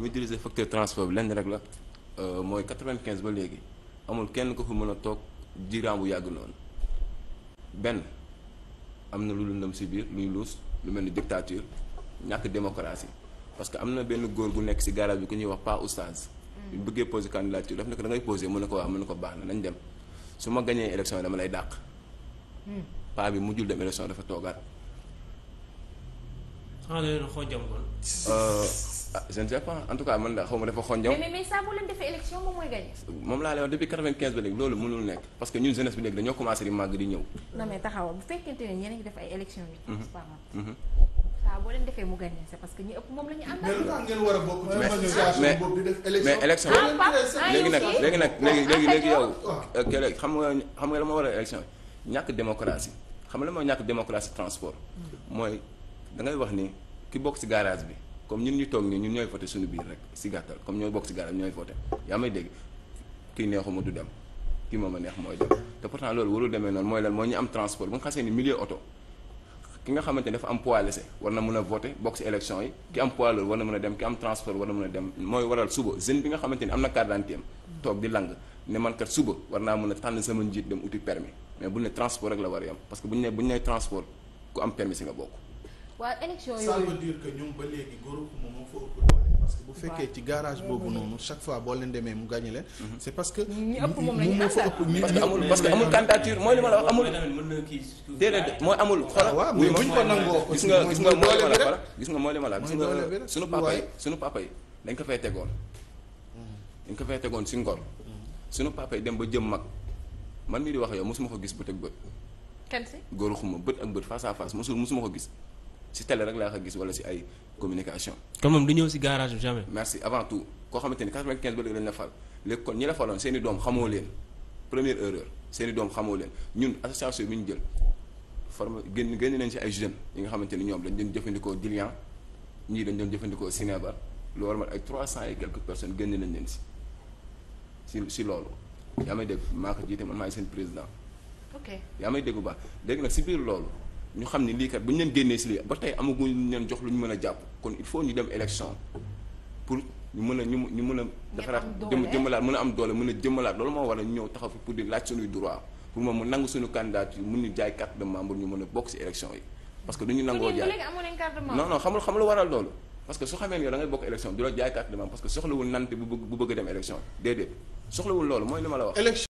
maîtriser facteur transport euh, mooy quatre-vingt-quinze ba léegi amul kenn ko mën a toog diiraam bu yàgg noonu benn am na lu lëndëm si biir luy luus lu mel ni dictature ñàkk démocratie parce que am na benn góor gu nekk si garage bi ku ñuy wax pas oustaz mm. bu bëggee posé candidature daf ne ko da ngay posé mën na ko wax mën ko baax na dem su ma gañee élection dama lay dàq mm. paa bi mujjul dem élection dafa toogaat ah je ne sais pas en tout cas man la xaw ma dafa defee élection moom mooy gagné. moom laa lay wax depuis quatre-vingt-quinze ba loolu mënul nekk parce que ñun jeunesse bi léegi dañoo commencé di màgg bu fekkente ne ñeneen def ay élection mhm. mhm. parce que ñi ëpp moom la ñu àndal. mais lu tax ngeen war mais élection ah, ah, ah, léegi nag léegi nag léegi léegi léegi yow. Euh, kele xam nga xam nga la ma war a élection yi ñàkk démocratie xam nga la mooy ñàkk démocratie transport mm. mooy da ngay wax ni ki bokk ci garage bi comme ñun ñu toog nii ñun ñooy voté suñu biir rek si gàttal comme ñooy bokk si gàttal ñooy voté yaa may dégg kii neexuma du dem kii moom a neex mooy dem te pourtant loolu warul demee noonu mooy lan mooy ñu am transport bu nga xasee ni milieu oto ki xamante ne am poids laissé na mën a voté bokk si yi am poids loolu war na a dem ki am transport war na mën mooy waral suba jeune bi nga xamante ni am na carte d'identité am toog di lang ne man kat suba war naa mën a tànn sama njiit dem uti permis mais buñ ne transport rek la war a yam parce que buñ ne buñ ne transport ku am permis nga bokk waaye élection yooyu ça veut que ñoom ba léegi góor ku moom moo ëpp bu fekkee ci garage boobu noonu chaque fois boo leen demee mu gagné leen. Mhm. c'est parce que. ñi ëpp moom la parce que amul parce que amul candidature mooy li ma la wax amul. déedéet mooy amul. xoolal waaw mais buñ ko nangoo. gis nga gis nga mooy li ma la gis nga mooy li ma la gis nga sunu yi sunu papa yi dañ ko fay tegoon. Mm-hmm. dañ ko fay tegoon si ngor. Mm-hmm. sunu papa yi dem ba jëm mag man mii di wax yow mosuma ko gis bët ak bët. kenn si góor xuma bët ak bët face à face mosul mosuma ko gis si télé rek laa ko gis wala si ay communication. kon moom du ñëw si garage bi jamais. merci avant tout koo xamante ni 95 ba léegi lañ la fal léegi kon ñi la faloon seen i doom xamoo leen première erreur seen doom xamoo leen ñun association bi ñu jël forme génn génn nañ si ay jeunes yi nga xamante ni ñoom dañ doon jëfandikoo Dilian ñii dañ doon jëfandikoo Cinébar lu war ma ay 300 et quelques personne génn nañ leen si si si loolu. yaa may dégg maa ko jiite seen président. ok yaa may dégg bu léegi nag si biir loolu. ñu xam ni lii kat bu ñu leen génnee si lii ba tey amaguñ leen jox lu ñu mën a jàpp kon il faut ñu dem élection pour ñu mën a ñu mën a defaraat jëmmalaat mën a am doole mën a jëmmalaat loolu moo war a ñëw taxaw fi pour di laaj suñuy droit pour moom mu nangu suñu candidature mun ñu jaay carte de membre ñu mën a bokk si élection yi parce que du ñu nangoo jaay non xamul xamul waral loolu parce que su xamee ne yow da ngay bokk élection du la jaay mooy li ma la wax